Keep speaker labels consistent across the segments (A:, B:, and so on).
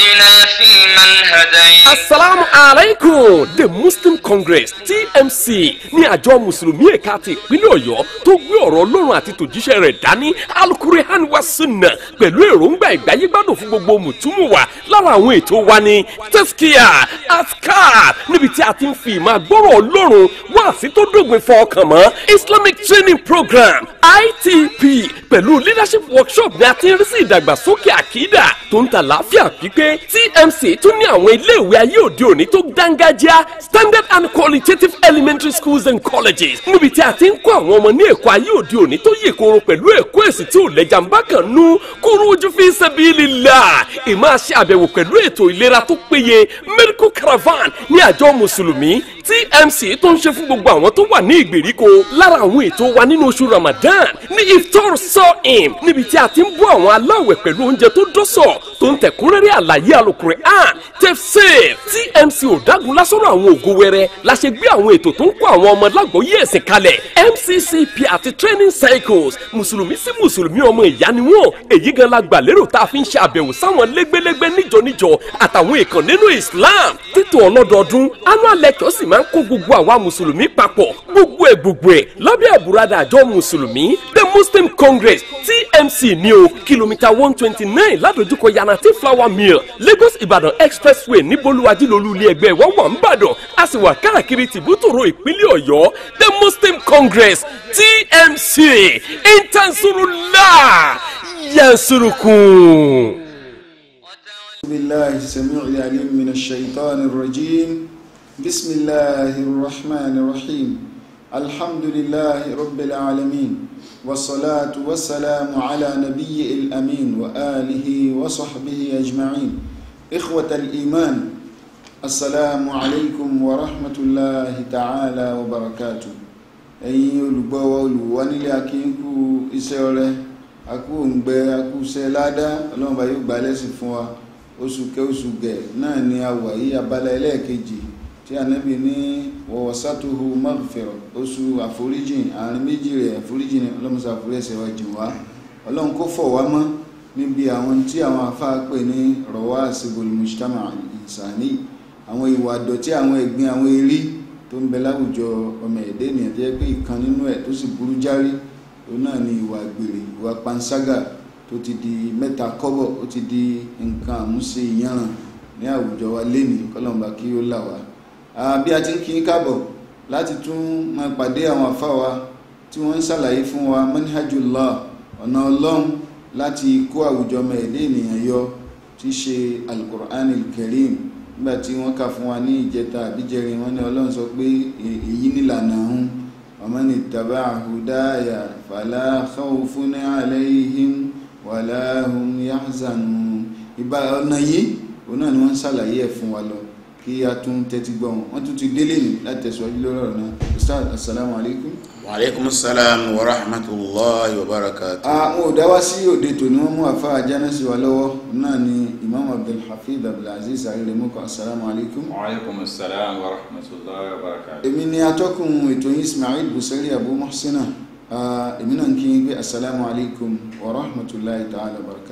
A: اهدنا فيمن هديت asalaamu alaikum the muslim congress tmc ní àjọ mùsùlùmí ẹ̀ka ti ìpínlẹ̀ ọ̀yọ́ tó gbé ọ̀rọ̀ ọlọ́run àti tòjíṣẹ́ rẹ̀ dání alukurihan wa sunna pẹ̀lú èròǹgbà ìgbáyégbádùn fún gbogbo mùtúmùwà lára àwọn ètò wa ní tẹ́síkìá askar níbi tí a ti ń fi ìmọ̀ àgbọ̀rọ̀ ọlọ́run wá sí tó dògbìn fọkàn mọ́ islamic training program itp pẹ̀lú leadership workshop ni a ti ń rí sí ìdàgbàsókè àkídà tó ń ta láàfíà pípé tmc tún ní àwọn iléèwé ìwé ayé òde òní tó dángájá standard and qualitative elementary schools and colleges níbi tí a ti ń kọ́ àwọn ọmọ ní ẹ̀kọ́ ayé òde òní tó yè koro pẹ̀lú ẹ̀kọ́ èsì tí ò lẹ́jà ń bá kàn nú kúrú ojú fi sabilillah ìmọ̀ àṣẹ àbẹ̀wò pẹ̀lú ètò ìlera tó péye medical caravan ní àjọ mùsùlùmí TMC tó ń ṣe fún gbogbo àwọn tó wà ní ìgbèríko lára àwọn ètò wa nínú oṣù Ramadan ní iftar sọ́ọ̀m níbi tí a ti ń bọ́ àwọn aláwẹ̀ pẹ̀lú oúnjẹ tó dọ́sọ̀ tó ń tẹ̀kúnrẹ́rẹ́ àlàyé alukur'an tafsir TMC ò dágun lásọ̀rọ̀ àwọn ògo wẹrẹ la ṣe gbé àwọn ètò tó ń kó àwọn ọmọ lágbóyè ẹ̀sìn kalẹ̀ MCCP àti training cycles mùsùlùmí sí mùsùlùmí ọmọ ìyá ni wọ́n èyí gan la gbà lérò tá a fi ń ṣe àbẹ̀wò sáwọn lẹ́gbẹ́lẹ́gbẹ́ níjọ́níjọ́ àtàwọn èèkàn nínú Islam títò ọlọ́dọọdún annual lecture sì máa ń kó gbogbo àwa mùsùlùmí papọ̀ gbogbo ẹ̀ gbogbo ẹ̀ lábẹ́ àbúradà àjọ mùsùlùmí the Muslim Congress TMC ní o kìlómítà one twenty nine ládojúkọ yanati flower mill Lagos Ibadan expressway níbo olùwàjìlólú ilé ẹgbẹ́ wa wà ń bàdàn a sì wà káàkiri tìbútòrò ìpínlẹ̀ ọ̀yọ́ the muslim congress tmc intansurula yansurukun.
B: بالله السميع العليم من الشيطان الرجيم بسم الله الرحمن الرحيم الحمد لله رب العالمين والصلاة والسلام على نبي الأمين وآله وصحبه أجمعين إخوة الإيمان asalaamu alaykum wa rahmatulahi ta'ala wa barakatu ẹ̀yin olùgbọ́ wa olùwọ́ nílé akínkù iṣẹ́ ọrẹ akú òǹgbẹ akú iṣẹ́ ládá ọlọ́run bá yóò gbà lẹ́sìn fún wa oṣù kẹ oṣù gẹ̀ náà ni a wà yí abala ẹlẹ́ẹ̀kejì tí anabi ní wọ̀wọ̀sátòhù mọ́fẹ̀rọ̀ oṣù àforíjìn àárín méjì rẹ̀ àforíjìn ọlọ́mọṣà àforí ẹ̀ṣẹ̀ wa jìn wá ọlọ́run kó fọ̀ wá mọ́ níbi àwọn tí àwọn afá pè ní rọ̀wá àṣìbòlùmùsítàmà ìsàní àwọn ìwà àdọ̀tí àwọn ẹ̀gbin àwọn eré tó ń bẹ láwùjọ ọmọ ẹ̀dẹ́ ènìyàn tó jẹ́ pé ìkan nínú ẹ̀ tó sì burú járí òun náà ni ìwà àgbèrè ìwà panṣágà tó ti di mẹ́ta kọ́bọ̀ ó ti di nǹkan àmúṣe ìyànràn ní àwùjọ wa lénìí kọ́lọ́mbà kí ó là wá. bí a ti ń kí n káàbọ̀ láti tún máa pàdé àwọn àfa wa tí wọ́n ń ṣàlàyé fún wa manhajullah ọ̀nà ọlọ́run láti kó àwùjọ ọmọ ẹ̀dẹ́ ènìyàn yọ tí ṣe alukur'an karim nígbà tí wọ́n kà fún wa ní ìjẹta àbíjẹrin wọ́n ní ọlọ́run sọ pé èyí nílànà ń ọmọ ní tàbá àhùdáyà fàlà khawfun alayhim wala hum yahzanun ìbá ọ̀nà yìí òun náà ni wọ́n ń ṣàlàyé ẹ̀ fún wa lọ kí a tún tẹ́tí gbọ́ wọn wọ́n tún ti délé ní láti tẹ̀síwájú lórí ọ̀rọ̀ náà ustaz assalamu alaikum. wa alaikum
C: salam wa rahmatulahi wa barakatuh. àwọn
B: ah, òdáwá sí òde tò ní wọ́n mú àfa àjánà sí wa lọ́wọ́ náà ni imam abdulhafiz abdulaziz arilẹ̀mọ́kọ assalamu alaikum. wa alaikum
D: salam wa rahmatulahi wa barakatuh. èmi ni atọ́kùn
B: ètò yín ismail busari abu muhsina ah, èmi náà kí n gbé assalamu alaikum wa rahmatulahi ta'ala wa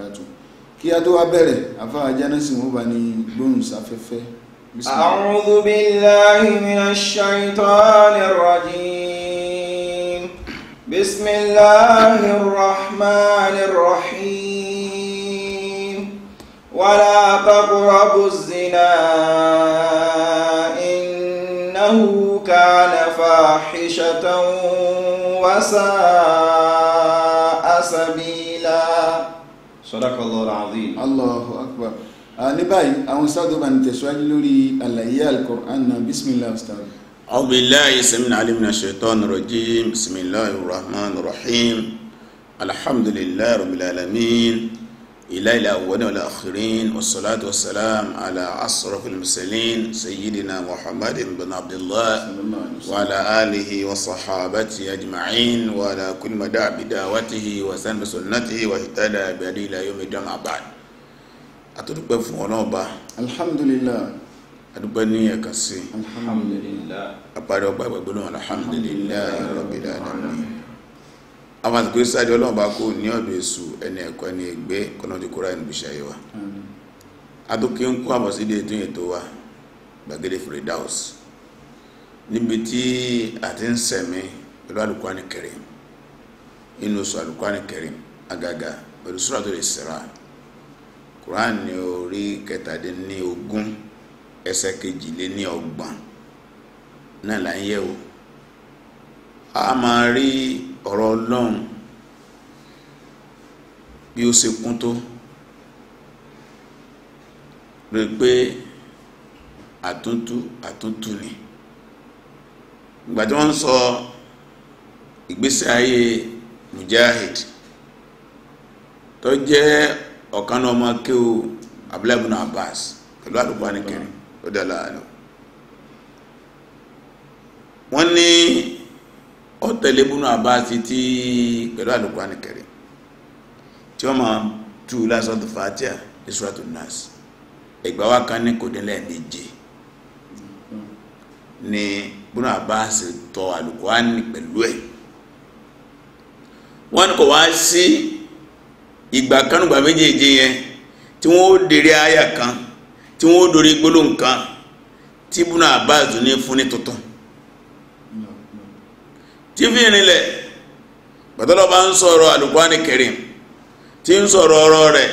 B: kí a tó wá bẹ̀rẹ̀ àfa àjánà sí wọn bá ní gbóhùn sáfẹ́fẹ́.
D: أعوذ بالله من الشيطان الرجيم بسم الله الرحمن الرحيم ولا تقربوا الزنا إنه كان فاحشة وساء سبيلا صدق الله
B: العظيم الله أكبر ní báyìí àwọn sáàdọ̀ bá ń tẹ̀síwájú lórí àlàyé al-Qur'an náà bismillah ustaz.
C: أعوذ بالله السميع العليم من الشيطان الرجيم بسم الله الرحمن الرحيم الحمد لله رب العالمين إله الأولين والآخرين والصلاة والسلام على أشرف المرسلين سيدنا محمد بن عبد الله وعلى آله وصحابته أجمعين وعلى كل مدى بدعوته وسن بسنته واهتدى بهدي إلى يوم الدين بعد àtọ́dúpẹ́ fún ọlọ́run
B: alhamdulillah adúpẹ́ ní ẹ̀ka
C: alhamdulillah apárí ọgbà ìgbàgbọ́ náà alhamdulillah rabbil alamin àwọn àtìkú sáájú ọlọ́run bá kó ní ẹni ẹ̀kọ́ ẹni ẹgbẹ́ kọ́nà ti kóra ẹnu bíṣà yíwa adókè kó wa gbàgede níbi tí a ti ń sẹ̀mí pẹ̀lú inú sọ quran ní orí kẹtàdínlógún ẹsẹ̀ kejìléníọgbọ̀n náà là ń yẹ̀ wò a máa rí ọ̀rọ̀ ọlọ́run bí ó ṣe kún tó rí pé àtúntú àtúntú ni ìgbà tí wọ́n ń sọ ìgbésí ayé mujahid tó jẹ́ ọ̀kan náà ọmọ kí o Abdullahi ibn Abbas pẹ̀lú àdúgbò anìkẹrin ó dẹ̀lá àánú wọ́n ní ọ̀tẹ̀lẹ̀ ibn Abbas títí pẹ̀lú àdúgbò anìkẹrin tí wọ́n máa tú lásọ̀tù Fatiha ní suratu Nas ẹgbà wa kan ní kò dín lẹ́ẹ̀mejì ni ibn Abbas tọ Al-Qur'ani pẹ̀lú ẹ̀ wọ́n kò wá sí ìgbà kanúgbà méjèèjì yẹn tí wọ́n ó dèrè àyà kan tí wọ́n ó dorí gbólóhùn kan tí Ibnu Abbas ní fún ní tuntun tí fi rinlẹ̀ pàtàlọ́ bá ń sọ̀rọ̀ Al-Qur'ani tí ń sọ̀rọ̀ ọ̀rọ̀ rẹ̀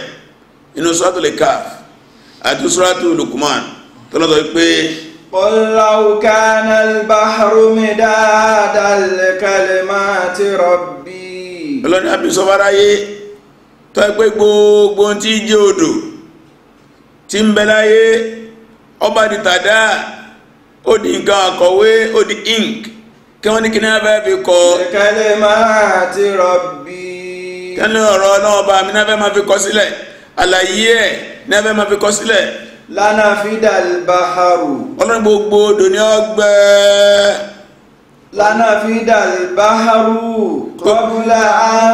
C: inú Suratul Kahf àti Suratul Luqman tọ́lọ́tọ̀ pé
D: قل لو كان البحر مدادا لكلمات ربي ọlọ́ni àbí sọ fáráyé tọ́ pé gbogbo tí
C: jẹ́ odò tí ń bẹ láyé ọba di tàdá ó di nǹkan àkọ̀wé ink kí wọ́n ní kí ní abẹ́ fi kọ. ìkẹ́lẹ́ máa ti rọ̀bì. kẹ́lẹ́ ọ̀rọ̀ náà ọba mi náà fẹ́ máa fi kọ sílẹ̀ àlàyé ẹ̀ náà fẹ́ máa fi kọ sílẹ̀.
D: lánàá fídà ọlọ́run gbogbo odò ní لنفد البحر قبل أن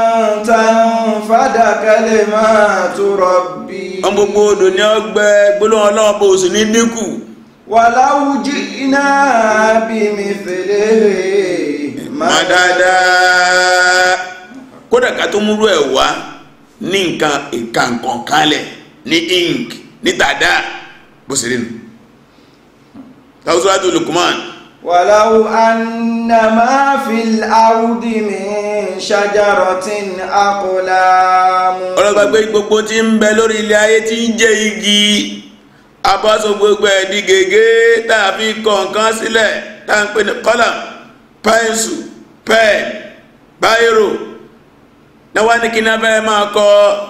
D: تنفد كلمات ربي ọmọ gbogbo odò ni ó gbẹ gbólóhùn ọlọ́run bó sì ní dínkù. ولو جئنا بمثله
C: مددا. kódà ká tó múrú ẹ̀ wá ní nǹkan ìkàǹkàn kalẹ̀ ní ink ní dada bó sì rí nu. tàwọn
D: sọ́dọ̀ Luqman. ولو أن ما في الأرض من شجرة أقلام ọlọ́gbàgbé gbogbo tí ń bẹ lórí
C: ilé ayé tí ń jẹ́ igi abọ́sọ gbogbo ẹ̀ di gègé tá a fi kọ̀ọ̀kan sílẹ̀ tá a ń pè ní kọ́là pẹ́ńsù pẹ́ẹ̀ báyìí náwá ní kí náà fẹ́ máa kọ.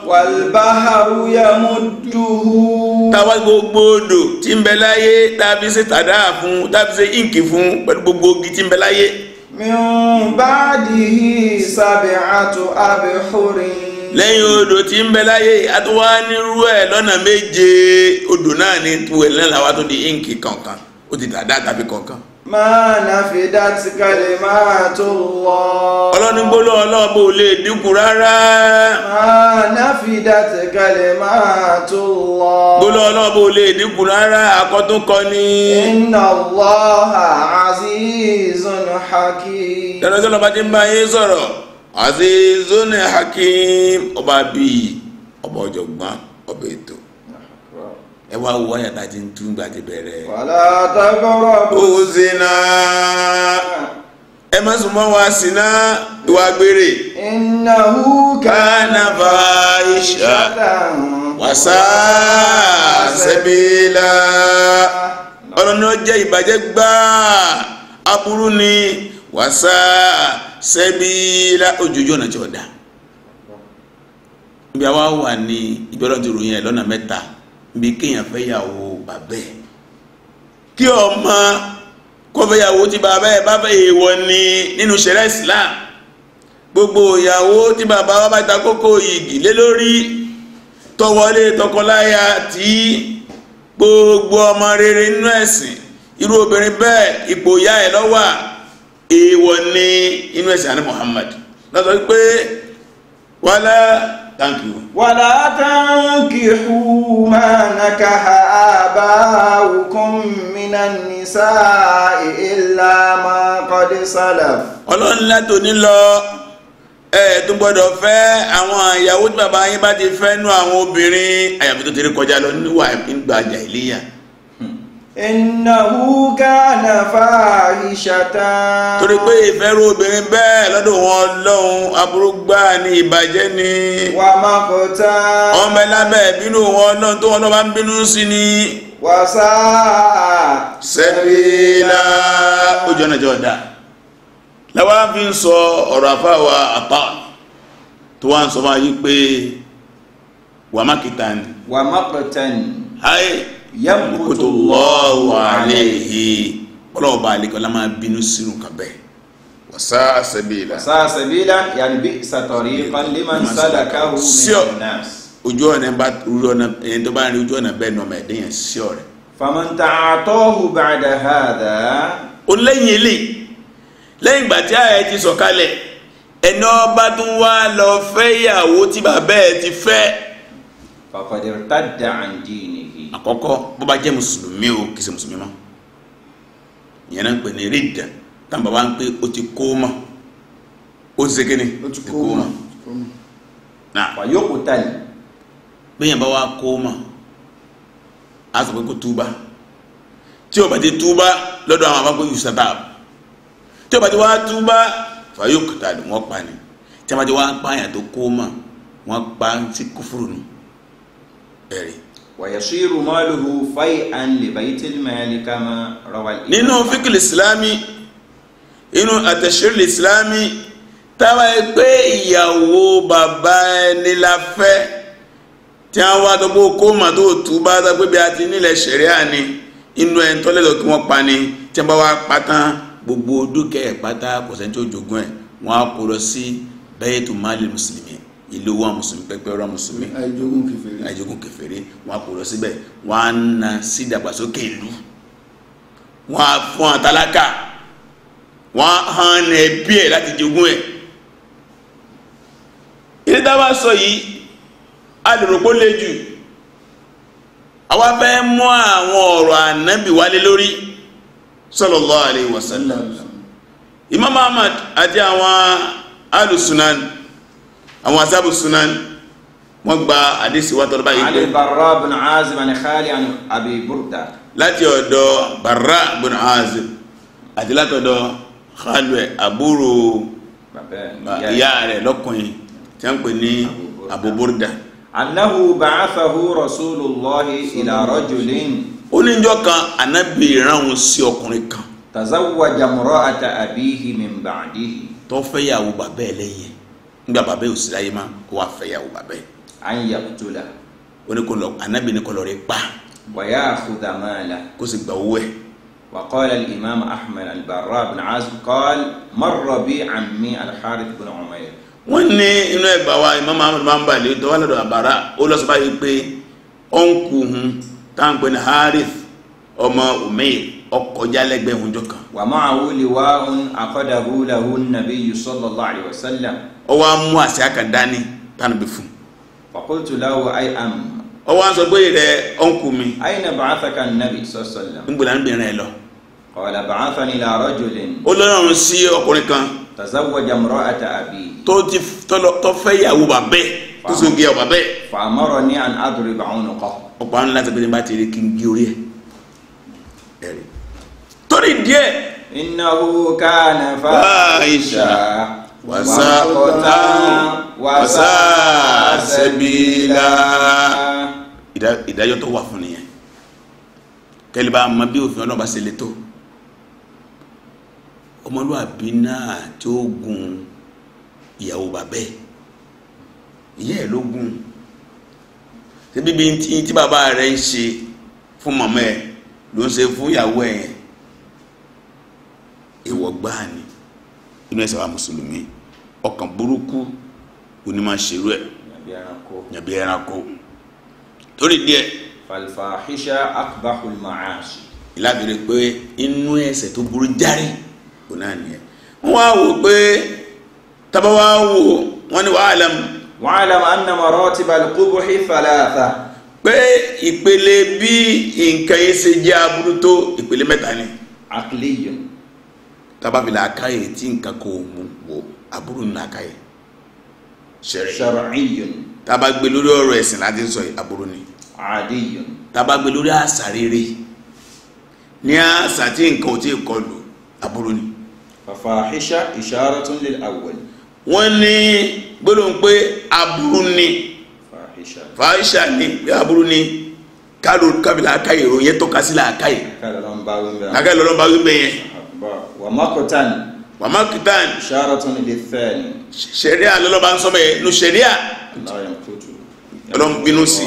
C: wàlbáharu yamudduhu. táwa gbogbo odò tí ń bẹ láyé tàbí ṣe tàdá fún tàbí ṣe íǹkì fún pẹ̀lú gbogbo ogi tí ń
D: bẹ láyé. min ba'dihi sab'atu abhurin. lẹ́yìn odò tí ń bẹ láyé àtúwá nírú
C: ẹ̀ e lọ́nà méje odò náà ní tuwẹ̀ e lẹ́la tó di íǹkì kọ̀ọ̀kan ó ti tàdá tàbí kọ̀ọ̀kan.
D: máa nàfídá ti kalẹ̀ máa tó lọ. ọlọ́ni lè dínkù rárá. máa nàfídá ti kalẹ̀ tó lè dínkù rárá ni. inna Allaha azizun hakim. dandan tó ti ń bá yín
C: sọ̀rọ̀ hakim ọba bíi ọba ọba ètò. ẹ wá wo tá a ti ń tún gbàdé bẹ̀rẹ̀. wàlá
D: tàbọ̀rọ̀
C: bó zina. ẹ má sùn mọ́ wa sínà ìwà gbére.
D: innahu
C: kana fahisha jẹ́ ìbàjẹ́ aburú ni ọ̀nà tí ibi àwa wà ní ìgbọ́dọ̀ ti bí kéèyàn fẹ́yàwó bàbẹ́ kí ọmọ kó fẹ́yàwó tí bàbá ẹ̀ bá fẹ́ èèwọ̀ ni nínú Islam gbogbo ìyàwó tí bàbá wa bá ta igi lé lórí tọwọlé tọkọláya tí gbogbo ọmọ rere nínú ẹ̀sìn irú obìnrin bẹ́ẹ̀ ipò ìyá ẹ̀ lọ́wà èèwọ̀ ni inú ẹ̀sìn àní Muhammad lati pé wàlá. thank you.
D: wàlá tankihu ma nakaha aba'ukum minan nisa'i illa ma qad salaf. ọlọ́run látò ní lọ
C: ẹ tún gbọ́dọ̀ fẹ́ àwọn ìyàwó tí bàbá yín bá ti fẹ́ nú àwọn obìnrin àyàfi tó ti rí kọjá lọ níwà ìgbà jàhílíyà
D: innahu kana fàáhìṣàtà. torí pé ìfẹ́rù obìnrin bẹ́ẹ̀ lọ́dọ̀ wọn
C: lọ́hùn aburú gbà ní ìbàjẹ́ ni. wà á máa tá. ọmọ ẹlábẹ́ bínú wọn náà tó wọn náà bá ń bínú sí ni. wàsá sẹ́bílà ojú ọ̀nà ìjọ ọ̀dà làwọn fi ń sọ ọ̀rọ̀ àfáwà àpá tó wà ń sọ fún ayé pé wàmákìtà ni.
D: wàmákìtà ni. ayé yamkutu Allahu alayhi
C: ọlọ́wọ́ bá àlekọ́ la máa bínú sínú kàbẹ́ wàsá sẹ́bìlà wàsá sẹ́bìlà
D: yàrá bí sàtọ̀rí
C: liman salakahu minan nas ojú ọ̀nà bá rú ọ̀nà ẹni tó bá rí ojú ọ̀nà bẹ́ẹ̀ nọmọ ẹ̀dẹ́yàn sí ọ̀rẹ́.
D: famanta àtọ́hù ba'da hadha.
C: ó àkọ́kọ́ bó bá jẹ́ mùsùlùmí o kìí ṣe mùsùlùmí mọ́ ìyẹn náà ń pè ní rídà táwọn bàbá ń pè ó ti kó mọ́ ó ti ṣe kí ni ó ti kó mọ́ náà wà yóò kó ta yìí gbẹ̀yìn bá wa kó mọ́ a sọ pé kó túbà tí o bá ti túbà lọ́dọ̀ àwọn àbákò yìí sábà tí o bá ti wá túbà fàyò kùtà ló wọ́n pa ni
D: tí a bá ti wá pààyàn tó kó mọ́ wọ́n pa sí kúfúrú nù ẹ̀rí wàyẹ̀sírù mọ́lùhù fáì ànlẹ̀bàyítẹ́lì mẹ́lì kama rọwà. nínú fíkìlì ìsìlámì inú àtẹ̀sírìlì ìsìlámì táwa
C: ẹ pé ìyàwó bàbá ẹni la fẹ́ tí a wá dọ́gbó kóòmà tó tù bá dọ́gbé bí a ti nílẹ̀ ṣẹ̀ríà ni inú ẹ̀ ń tọ́lẹ̀ lọ kí wọ́n pa ni tí a bá wá pa tán gbogbo dúkẹ́ ẹ̀ pátá kò sẹ́ni tó ẹ̀ wọ́n á kó lọ sí bẹ́ẹ̀tù máàlì mùsùlùmí ìlú wọn mùsùlùmí pẹpẹ ọ̀rọ̀ mùsùlùmí àìjogún kèfèrí wọn á kó lọ síbẹ̀ wọn á na sí ìdàgbàsókè ìlú wọn á fún àtàlákà wọn á hàn ẹbí ẹ láti jogún ẹ ilé táwa sọ yìí a lè rò pé ó le jù àwa fẹ́ mú àwọn ọ̀rọ̀ ànábì wálé lórí sallallahu alaihi wasallam Imam Ahmad àti àwọn alùsùnàn àwọn asábù sunan wọ́n gba àdísì wá tọ́lọ́ báyìí pé. Al-Barra bin Azib an Khali an Abi Burda. láti ọ̀dọ̀ Barra bin Azib àti láti ọ̀dọ̀ Khali àbúrò ìyá rẹ̀ lọ́kùnrin tí wọ́n pè ní Abu Burda. annahu ba'athahu Rasulullahi ila rajulin. ó ní njọ́ kan ànábì ìrànwọ́ sí ọkùnrin kan. tazawwaja imra'ata abihi min ba'dihi. tó fẹ́ lẹ́yìn nígbà bàbá yóò sí láyé má kó wàá fẹ́yàwó bàbá yìí. à ń yà tó la. ó ní
D: kò lọ anábì ní kọlọ rẹ pa. wàyà àkúdà la. kó sì gba owó ẹ. وقال الإمام أحمد البراء بن عازب قال مر بي عمي الحارث بن
C: عمير ní inú ẹgbà wa imam ahmed máa ń bá ilé tó wà lọ́dọ̀ àbára ó yìí pé ọ̀nkù hun táǹpẹ́ ní harith ọmọ umeir ọkọjá
D: lẹ́gbẹ̀ẹ́ wọn jọ kan. wà á máa wúlò wá ń àkọ́dàbú làwọn nàbí yìí sallallahu alaihi wasallam. ó wá mú àṣà kan dání tánàbí fún. faqultu lahu i am. ó wá sọ pé rẹ ọ̀nkù mi. ayna ba'athaka nàbí sallallahu. ń gbọ́dọ̀ níbi rẹ lọ. qala ba'athani ila rajulin. ó lọ́rùn sí ọkùnrin kan. tazawwaja imra'ata abi.
C: tó ti tọ́fẹ́ ìyàwó bàbẹ́ tó sì ń rí kí
D: nítorí díẹ̀. innahu kana fàáhíṣà wàsá ọ̀tá wàsá sẹ́bílà.
C: ìdájọ́ tó wà fún nìyẹn kẹ́lẹ́ bá mọ bí òfin ọlọ́ba ṣe lè tó ọmọlúwàbí náà tí ó gun ìyàwó bàbẹ́ ìyá ẹ̀ ló gun ṣé bíbi tí bàbá rẹ̀ ń ṣe fún màmá ẹ̀ ló ń ṣe fún ìyàwó ẹ̀ èèwọ̀ gbáà ni inú ẹ̀sẹ̀ wa mùsùlùmí ọkàn burúkú òní máa ṣerú ẹ̀ yàbí ẹranko torí díẹ̀. falfahisha akbahul maashi. ìlàbìrì pé inú ẹ̀sẹ̀ tó burú járe òun náà nìyẹn wọ́n wá wò pé tábà wá wò wọ́n ní wa'lam. wa'lam anna maratibal qubuhi thalatha pé ìpele bí nǹkan yìí ṣe jẹ́ aburú tó ìpele mẹ́ta ni. àkìlẹ́yìn tábà fi làákàyè tí nǹkan kò mú wò àbúrò ní làákàyè ṣẹ̀rẹ̀yìn tábà gbé lórí ọ̀rọ̀ ẹ̀sìn láti sọ àbúrò ni àdìyàn tábà gbé lórí àṣà rere ní àṣà tí nǹkan ò tí ì kọlù àbúrò ni. fàfàhíṣà isharatun lil awwal. wọ́n ní gbọ́dọ̀ pé àbúrò ni fàhíṣà ni pé àbúrò ni kálù kábìlà àkàyè ìròyìn tó kásílà àkàyè. àkàyè lọ́lọ́mbà wíńbẹ̀ yẹn
D: wàmákùtàn. wàmákùtàn. ṣàròtún lè fẹ́ ni.
C: sẹ̀ríà lọ́lọ́ba ń sọ́mọ̀ yẹn nu sẹ̀ríà. ọlọ́run bínú sí.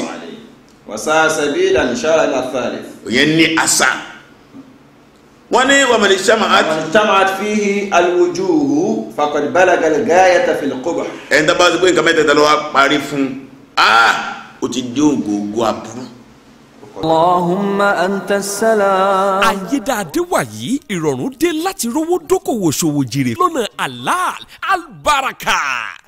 D: wàsá sẹ́bí ìlànà ṣàrà ilà fàlẹ̀. òyìn ní àṣà. wọ́n ní wàmàlì sàmàt. wàmàlì sàmàt fihi alwujuhu faqad balaga al-gayata
C: fil qubh. ẹ̀ ń dábàá sí pé nǹkan mẹ́tẹ̀ẹ̀ta ló parí fún un. ah o ti dé ògógó
A: aburú. Allahumma anta salam. Ayédáadé wà yìí, ìrọ̀rùn dé láti rówó dókòwò ṣòwò jèrè lọ́nà halal albaraka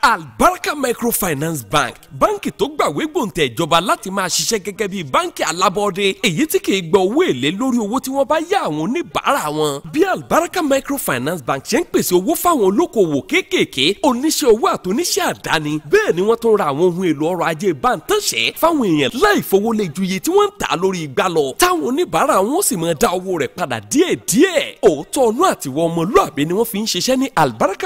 A: albaraka microfinance bank báǹkì tó gbàwé gbòǹtẹ̀ ìjọba láti máa ṣiṣẹ́ gẹ́gẹ́ bíi báǹkì alábọ́ọ́dé èyí tí kì í gba owó èlé lórí owó tí wọ́n bá yá àwọn oníbàárà wọn. bí albaraka microfinance bank ṣe ń pèsè owó fáwọn olókoòwò kéékèèké oníṣẹ́ owó àtúnṣe àdáni bẹ́ẹ̀ ni wọ́n tún ra àwọn ohun èlò ọrọ̀ ajé bántánṣẹ́ fáwọn èèyàn láì fowó lé ju iye tí wọ́n ń lórí igbá lọ táwọn oníbàárà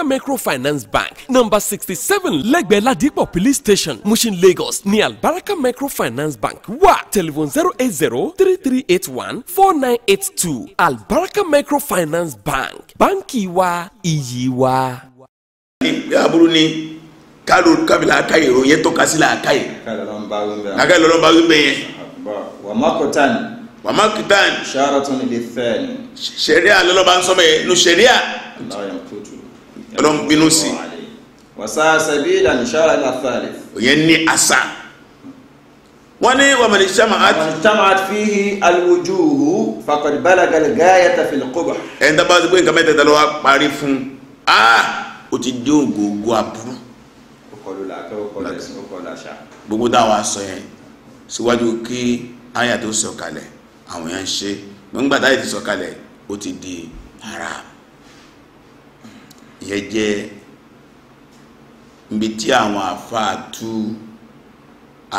A: microfinance bank number sixty six seven lẹ́gbẹ̀ẹ́ ladipo police station mushin lagos ní albaraka microfinance bank wà telephone zero eight zero three three eight one four nine eight two albaraka microfinance bank báńkì wa iyì wa.
C: ìgbé aburú ni kálù kábìlà aka yìí ròyìn tọ́ka sí la aka yìí. aka yìí lọ́lọ́ bá
D: wí bẹ́ẹ̀ yẹn. wàmákùtàn. wàmákùtàn. sàrọ̀tún ilé fẹ́ẹ̀ ni. sẹ̀ríà
C: lọ́lọ́ bá ń sọ bẹ́ẹ̀ nu sẹ̀ríà. ọlọ́run bínú sí i
D: wasa sabila nishara ila thalith òyìn ní àṣà wọ́n ní wàmàlì shama'at shama'at fihi alwujuhu faqad balaga al-ghayata fil
C: qubh ẹni tó bá ti pé nǹkan mẹ́tẹ̀ẹ̀ta ló wá parí fún ah ó ti dé ògógó aburú gbogbo táwa sọ yẹn síwájú kí àyà tó sọ àwọn yẹn ń ṣe gbọ́ngbà táyà ti sọ kalẹ̀ ti di haram ìyẹn jẹ́ mgbe ti awon àfáà atu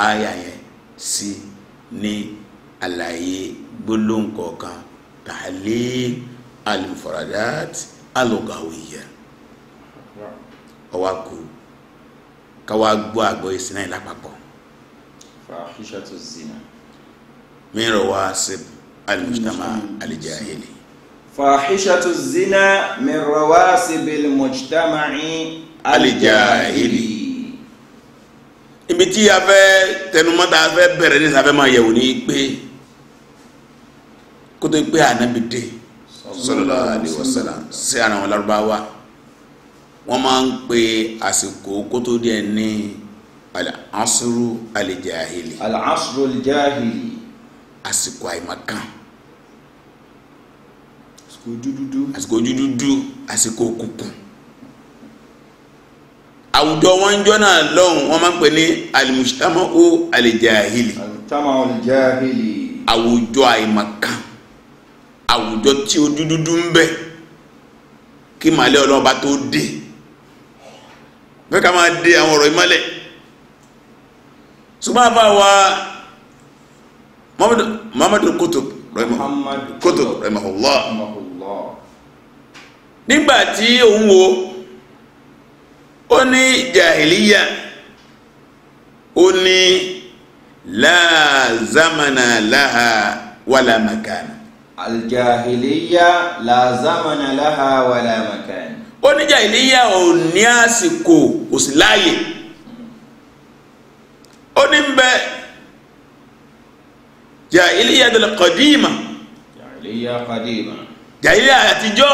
C: aya yẹn si ní àlàyé gbólóhùn kan tahlil al-mufradat al-lughawiyya ọwá gbọ́ àgbọ̀ ìsinà ìlápapọ̀. fahishatu zina. mìíràn wá sí
D: fàáhíṣàtú zina min rawasibil mujtama'i
C: alijahili. ibi tí a fẹ́ tẹnumọ́ta a fẹ́ bẹ̀rẹ̀ ní sàfẹ́ máa yẹ̀wò ní pé kótó pé ànábì dé
B: sallallahu alaihi wasallam
C: sí ara àwọn Lárúbáwá wọ́n máa ń pe àsìkò kótó díẹ̀ ní al-asru al-jahili. àsìkò àìmọ̀kan ojú dúdú àsìkò ojú dúdú àsìkò òkùnkùn àwùjọ wọn ń jọ́nà lọ́hùn wọn máa ń pè ní alimusama o alijahili àwùjọ àìmọ̀kan àwùjọ tí ojú dúdú ń bẹ kí màálẹ́ ọlọ́ọ̀bá tó dé fẹ́ ká máa dé àwọn ọ̀rọ̀ ìmọ́lẹ̀ ṣùgbọ́n àbá wa muhammadu kutub rahimahullah nígbà tí òun wo ó ní jahiliya ó ní láàzámanà láha wàlà màkàna. aljahiliya láàzámanà láha wàlà màkàna. ó ní jahiliya ò ní àsìkò kò sí láàyè ó ní bẹ jahiliya dal jahiliya qadima jahiliya àtijọ́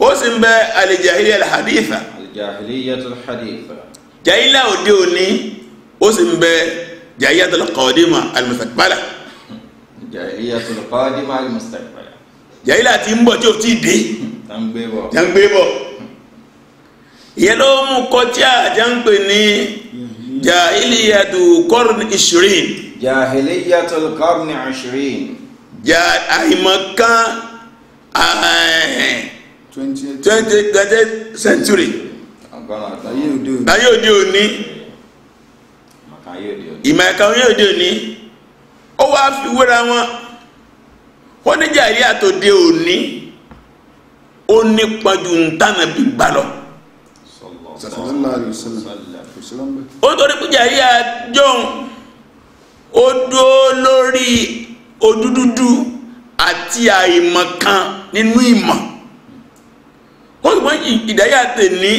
C: ó sì ń bẹ alìjahiliya alhaditha
D: alìjahiliya alhaditha
C: jahiliya òde òní ó sì ń bẹ jahiliya alqadima almustaqbala jahiliya alqadima almustaqbala jahiliya tí ń bọ̀ tí ò tí ì dé tí
B: ń
C: gbé kọjá àjà ń mhm. jahiliya du qarni ishrin jahiliya alqarni ishrin jà àìmọ̀kan twentieth century láyé òde òní ìmọ̀ ẹ̀ka òye òde òní ó wá fi wéra wọn wọ́n ní jà ìyá tó de òní ó ní pọ́njú ntànà bí gbà ó torí pé jà ìyá jọ̀hún ó dúró lórí Odududu àti àìmọ̀ kan nínú ìmọ̀ kọ́sùmọ́ ìdáyà tèmi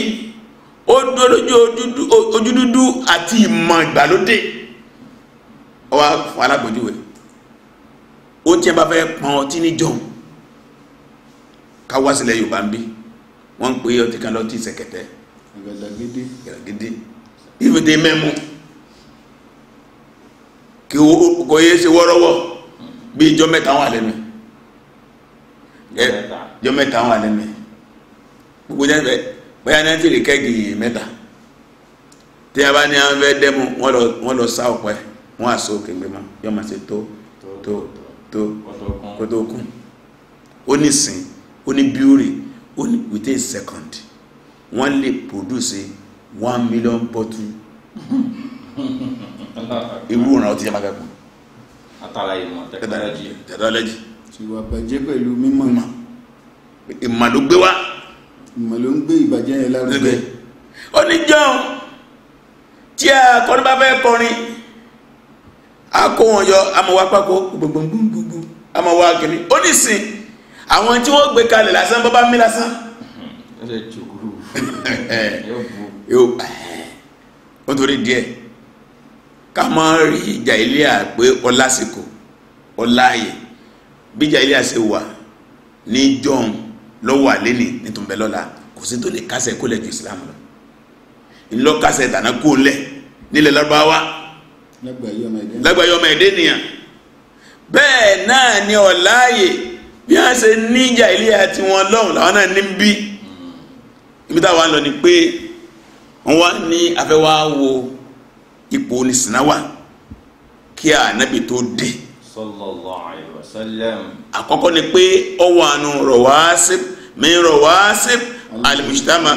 C: ó dúró lójú ojúdúdú àti ìmọ̀ ìgbàlódé ọwọ́ fún alágbòjúwe ó tiẹ̀ bá fẹ́ pọn ọtí níjọ́un ká wá sílẹ̀ Yorùbá ń bí wọ́n ń pè é ọtí kan lọ́tí ṣẹ̀kẹ̀tẹ̀ gẹ̀rẹ̀gẹ̀dẹ̀ ìfètè mẹ́mu kí o kò yé ṣe wọ́rọ́wọ́ bí ijọ́ mẹ́ta wà lẹ́nu ẹ ijọ́ mẹ́ta wà lẹ́nu gbogbo jẹ́ bẹ́ẹ̀ bóyá ní àti ìrìkẹ́gì yìí mẹ́ta tí a bá ní àwọn fẹ́ dẹ́mu wọ́n lọ sá ọ̀pẹ́ wọ́n àṣọ òkè gbẹmọ yọ máa ṣe tó tó tó kótókùn ó ní sìn ó ní bíúrì ó ní within second wọ́n lè produce one million bottle
D: irú ìrànlọ́tí
B: yẹn máa kẹ́kọ̀ọ́ látara ìmọ̀ tẹkinọ́lọ́jì tẹkinọ́lọ́jì. ìwà bàjẹ́ pẹ̀lú mímọ̀ ìmọ̀ ìmọ̀ ló gbé wá. ìmọ̀ ló ń gbé ìbàjẹ́ yẹn lárugẹ.
C: ó ní john tí a kọ́ni bá fẹ́ kọrin a kó wọn yọ amọ̀wá pákó gbogbogbogbogbò amọ̀wá kìnnì ó ní sìn àwọn tí wọ́n gbé kalẹ̀ lásán bọ́ bá mí lásán. ó lè jòkúrú yóò bu. Eh, ó torí ká má rí jàìlíà pé ọlásìkò ọláàyè bí jàìlíà ṣe wà ní john lọ́wọ́ àlénì nítorí lọ́la kò sí tó lè kásẹ̀ kó lẹ̀ ju islam lọ ńlọ́kásẹ̀ tàná kó lẹ̀ nílẹ̀ lọ́bàáwá lágbàáyé ọmọ ẹ̀dẹ́ nìyàn bẹ́ẹ̀ náà ni ọ̀láàyè bí wọ́n ṣe níjà ilé àti wọn lọ́hùn làwọn náà ní bí ibi táwa lọ ni pé wọ́n wá ní afẹ́wá wo ipò ní sinawa kí ànábì tó dé. sallallahu alayhi wa sallam. àkọ́kọ́ ni pé ọwọ́ àánú rawasib min rawasib alimusitama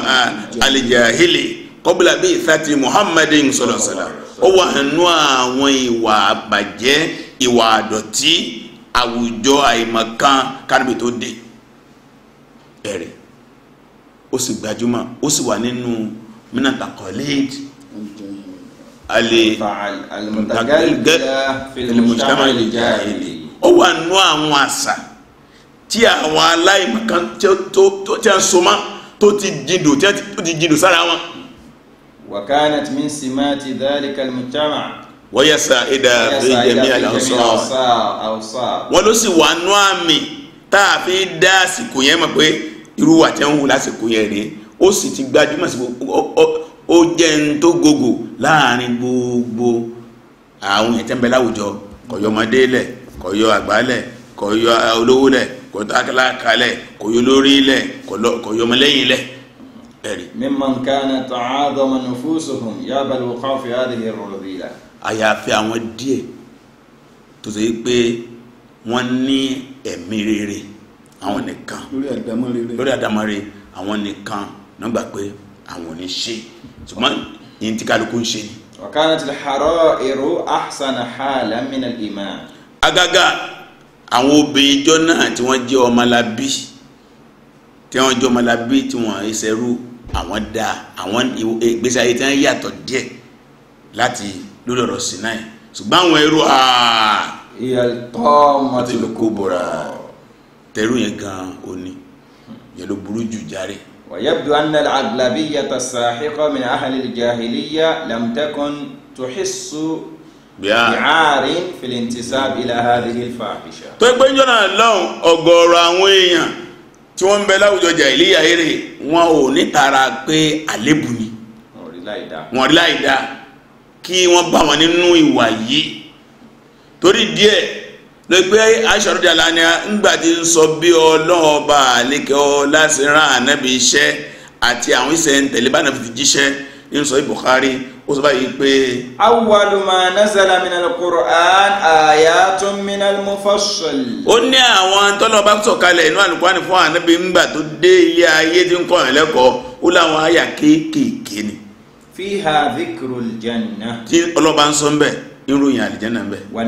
C: alijahili kọ́bílà bíi ìfẹ́tì muhammadin sallallahu alayhi wa sallam ọwọ́ àánú àwọn ìwà àbàjẹ́ ìwà àdọ̀tí àwùjọ àìmọ̀kan kánibì tó dé ẹ̀rẹ̀ ó sì gbajúmọ̀ ó sì wà nínú mínàtà kọ́lẹ́ẹ̀dì alẹ́ ó wà nú àwọn àṣà tí àwọn aláìmọ̀kan tí a ń so mọ́ tó ti jìndò tó ti jìndò sára wọn.
D: وكانت من سمات ذلك المجتمع ويسعى إلى في جميع الأوصاف wọ́n ló sì wà nú àmì tá a fi
C: dá àsìkò yẹn mọ̀ pé irú àtẹ̀hún lásìkò yẹn rèé ó sì ti gbajúmọ̀ sí ó jẹ́ ń tó gògò láàrin gbogbo àwọn èèyàn tẹ́ńbẹ́ láwùjọ kọ̀yọ́ ọmọdé lẹ̀ kọ̀yọ́ àgbà lẹ̀ kọ̀yọ́ olówó lẹ̀ kọ̀yọ́ akálákà lẹ̀ kọ̀yọ́ olórí lẹ̀ kọ̀yọ́ ọmọlẹ́yìn lẹ̀ ẹ̀rí.
D: mimman kana ta'adama nufusuhum
C: yabal wuqafi hadhihi ar-rubiyya. àyàfi àwọn díẹ̀ tó ṣe pé wọ́n ní ẹ̀mí rere àwọn nìkan lórí àdámọ́ rere àwọn nìkan nígbà pé àwọn ní ṣe ṣùgbọ́n yìí tí kálukú ń ṣe ni.
D: ọ̀kanà ti hàrọ̀ èrò ahsana hala min al-iman.
C: agaga àwọn obìnrin ìjọ náà tí wọ́n jẹ́ ọmọlábí tí wọ́n jẹ́ ọmọlábí tí wọ́n ṣerú àwọn da àwọn ìgbésí ayé tí wọ́n yàtọ̀ díẹ̀ láti lórí ọ̀rọ̀ sinai ṣùgbọ́n àwọn ẹrú àà ìyàtọ̀ mọ́tìlókò bọ̀rà tẹ̀rù yẹn gan-an òní yẹn ló burú jù járe.
D: ويبدو أن الأغلبية الساحقة من أهل الجاهلية لم تكن تحس بعار في الانتساب إلى هذه الفاحشة
C: tó gbé jọ́nà lọ́hùn ọ̀gọ̀ọ̀rọ̀ àwọn èèyàn tí wọ́n ń bẹ láwùjọ jàìlíyà eré wọn ò ní tara pé àlébù ni wọn rí láì dá kí wọ́n bá wọn nínú ìwà yìí torí díẹ̀ lẹ́gbẹ́ aṣọ́rọ́dà lánàá ńgbà tí ń sọ bí ọlọ́run ọba àlékẹ́ ọ láti rán ànábì iṣẹ́ àti àwọn iṣẹ́ ń tẹ̀lé bá ànábì ti jíṣẹ́ ní sọ Bukhari ó sọ báyìí pé.
D: awwalu ma nazala minal Qur'an ayatun minal mufassal. ó ní àwọn tọ́lọ́ bá sọ̀kalẹ̀ inú
C: àlùkùránì fún ànábì ńgbà tó dé ilé ayé tí ń kọ́ ẹ̀ lẹ́kọ̀ọ́ ó láwọn àyà kéékèèké ni.
D: fiha dhikrul janna.
C: tí ìròyìn àlìjẹ́nà bẹ̀ ó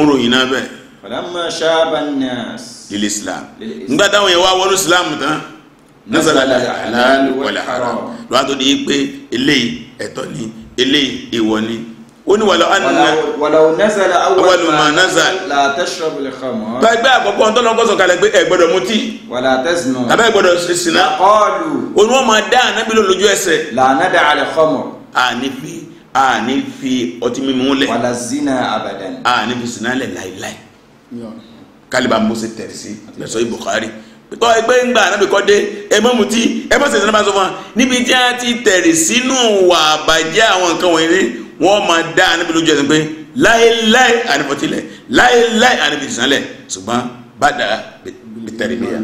C: ń ròyìn náà bẹ̀. falamma shaban nas. lil islam nígbà táwọn yẹn wá wọnú islam tán nasala halal wal haram lọ́wọ́ tó di pé eléyìí ẹ̀tọ́ ni eléyìí èèwọ̀ ni ó ní wàlọ́ ànínà wàlọ́ nasala awwalu ma nasala
D: la tashrabu al khamr.
C: tó ẹgbẹ́ àkọ́kọ́ tó lọ́kọ́ sọ kalẹ̀ pé ẹ gbọ́dọ̀ mutí. wala taznu. tàbẹ́ sinna. qalu. òun máa dá ànábìlẹ̀ lójú ẹsẹ̀. la nada al khamr. ànífi a ní fi ọtí mímu lẹ̀ wàlá zina abadan a ní fi sinna lẹ̀ láìláì kálíbà mose tẹ̀lé sí lẹ́sọ̀ Bukhari ọ ẹgbẹ́ ń gbà anábì kọ́ dé ẹ mọ́ mutí ẹ mọ́ sẹ̀sẹ̀ náà bá sọ fún wa níbi tí a ti tẹ̀lé sínú wà bàjẹ́ àwọn nǹkan wọ̀nyí wọ́n máa dá anábì lójú ẹ̀sìn pé láéláé ànífọ̀tílẹ̀ láéláé àníbi ìsìnlẹ̀ ṣùgbọ́n bá dà bìtẹ̀rẹ̀ bíyà.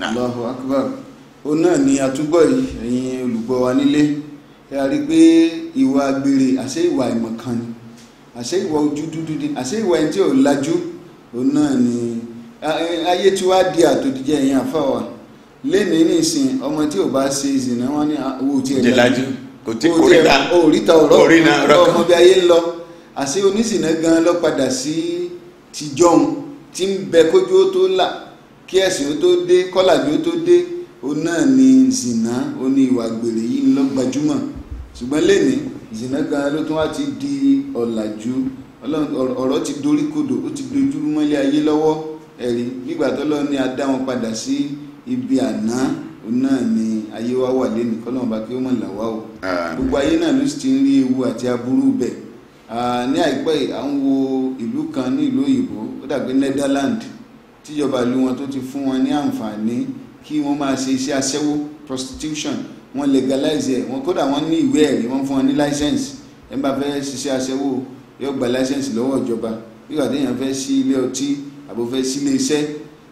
B: Allahu akbar. ó náà ni àtúgbọ̀ yìí ẹ̀yin olùgbọ́ wa nílé ẹ rí i pé ìwà àgbèrè àṣé ìwà ìmọ̀kan ni àṣé ìwà ojú dúdú ni àṣé ìwà ẹni tí ò lajú òun náà ni ayé tí wàá di àtòdìjẹ ẹ̀yìn àfàwà lẹ́mìí nìsín ọmọ tí ò bá ṣe ìsìn náà wọ́n ní owó tí ẹ̀ lajú
C: kò tí kò ríta òríta ọ̀rọ̀ ọ̀rọ̀ ọmọ
B: bí ayé ń lọ àṣé onísìnà gan lọ padà sí tìjọ́hun tí ń bẹ kójú ó tó là kí ẹ̀sìn ó tó dé kọ́làjú ó tó dé òun náà ni zìnà ó ní ìwà àgbèrè yìí ń lọ gbajúmọ̀ ṣùgbọ́n lẹ́ni zina gan ló tún wá ti di ọ̀làjú ọ̀rọ̀ ti dorí kodò ó ti dojú mọ́lẹ̀ ayé lọ́wọ́ ẹ̀rí nígbà tó lọ́ọ́ ní a dá wọn padà sí ibi àná òun ni ayé wa wà lẹ́nu kọ́nà ọba kí ó mọ̀ là wá o gbogbo ayé náà ló sì ti ń rí ewu àti aburú bẹ̀ ní àìpẹ́ à ń wo ìlú kan ní ìlú òyìnbó ó dàgbé Netherlands tíjọba ìlú wọn tó ti fún wọn ní àǹfààní kí wọ́n máa ṣe iṣẹ́ aṣẹ́wó prostitution wọ́n legalize ẹ̀ wọ́n kódà wọ́n ní ìwé ẹ̀rí wọ́n fún wọn ní license ẹ̀ ń bá fẹ́ ṣiṣẹ́ aṣẹ́wó yóò gba license lọ́wọ́ ìjọba nígbà téèyàn fẹ́ sí ilé ọtí àbò fẹ́ sí ilé iṣẹ́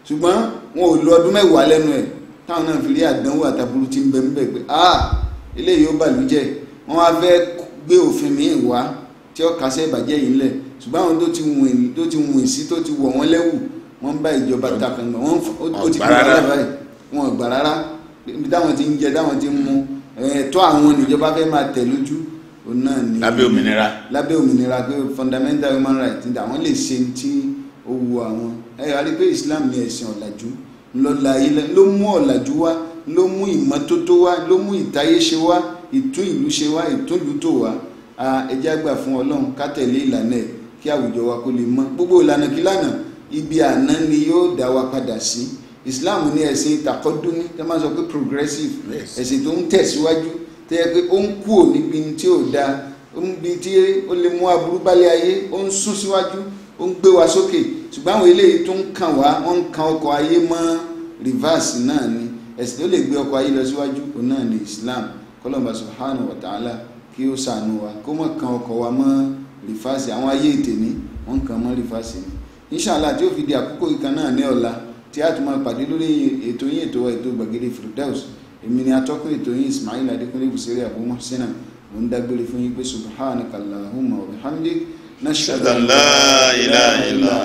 B: ṣùgbọ́n wọn ò lo ọdún mẹ́wàá lẹ́nu ẹ̀ táwọn náà fi rí àdánwò àtàbúrú ti ń bẹ ń bẹ pé ah eléyìí ó bàlújẹ́ wọ́n á fẹ́ gbé òfin míì wá tí ó kásẹ̀ ìbàjẹ́ yìí ńlẹ̀ ṣùgbọ́n àwọn tó ti wùn sí tó ti wọ̀ wọ́n lẹ́wù wọ́n ń bá ìjọba takàngbọ̀n wọ́n ó ti gbà rárá báyìí wọ́n ò gbà rárá ibi táwọn ti ń jẹ táwọn ti ń mu ẹ̀tọ́ àwọn níjọba fẹ́ máa tẹ̀ lójú òun náà ni lábẹ́ òmìnira lábẹ́ òmìnira pé fundamental human rights ní àwọn lè ṣe tí ó wu àwọn ẹ̀yọ́ a rí pé Islam ní ẹ̀sìn ọ̀làjú ńlọ́la ilẹ̀ ló mú ọ̀làjú wá ló mú ìmọ́tótó wá ló mú ìtayé ṣe wá ìtún ìlú ṣe wá ìtún ìlú tò wá ẹjẹ́ àgbà fún ọlọ́run ká tẹ̀lé ìlànà ẹ̀ kí àwùjọ wa kó lè mọ́ gbogbo ìlànà kí ibi àná ni yóò dá wa padà sí. Si Islam ní ẹ̀sìn takọ́dúnní tẹ́ máa sọ pé progressive ẹ̀sìn tó ń tẹ̀síwájú tẹ́ yẹ pé ó ń kúò níbi tí ò dáa ó ń bi tí ó lè mú aburú bálẹ̀ ayé ó ń sún síwájú ó ń gbé wa sókè ṣùgbọ́n àwọn eléyìí tó ń kàn wá wọ́n ń kan ọkọ̀ ayé mọ́ reverse náà ni ẹ̀sìn tó lè gbé ọkọ̀ ayé lọ síwájú òun náà ni Islam kọlọ́mà subhanahu wa ta'ala kí ó ṣàánú wa kó mọ̀ kan ọkọ̀ wa mọ́ reverse àwọn ayé ètè ní wọ́n ń mọ́ reverse ni inshallah tí ó fi di àkókò ìkan náà ní ọ̀la tí a tún máa pàdé lórí ètò yín ètò ètò gbàgede firdaus èmi ni atọ́kùn ètò yín ismail adékúnlé busiri abu muhsina mo ń dágbére fún yín pé subhanakallahumma wa bihamdik nashhadu an la ilaha illa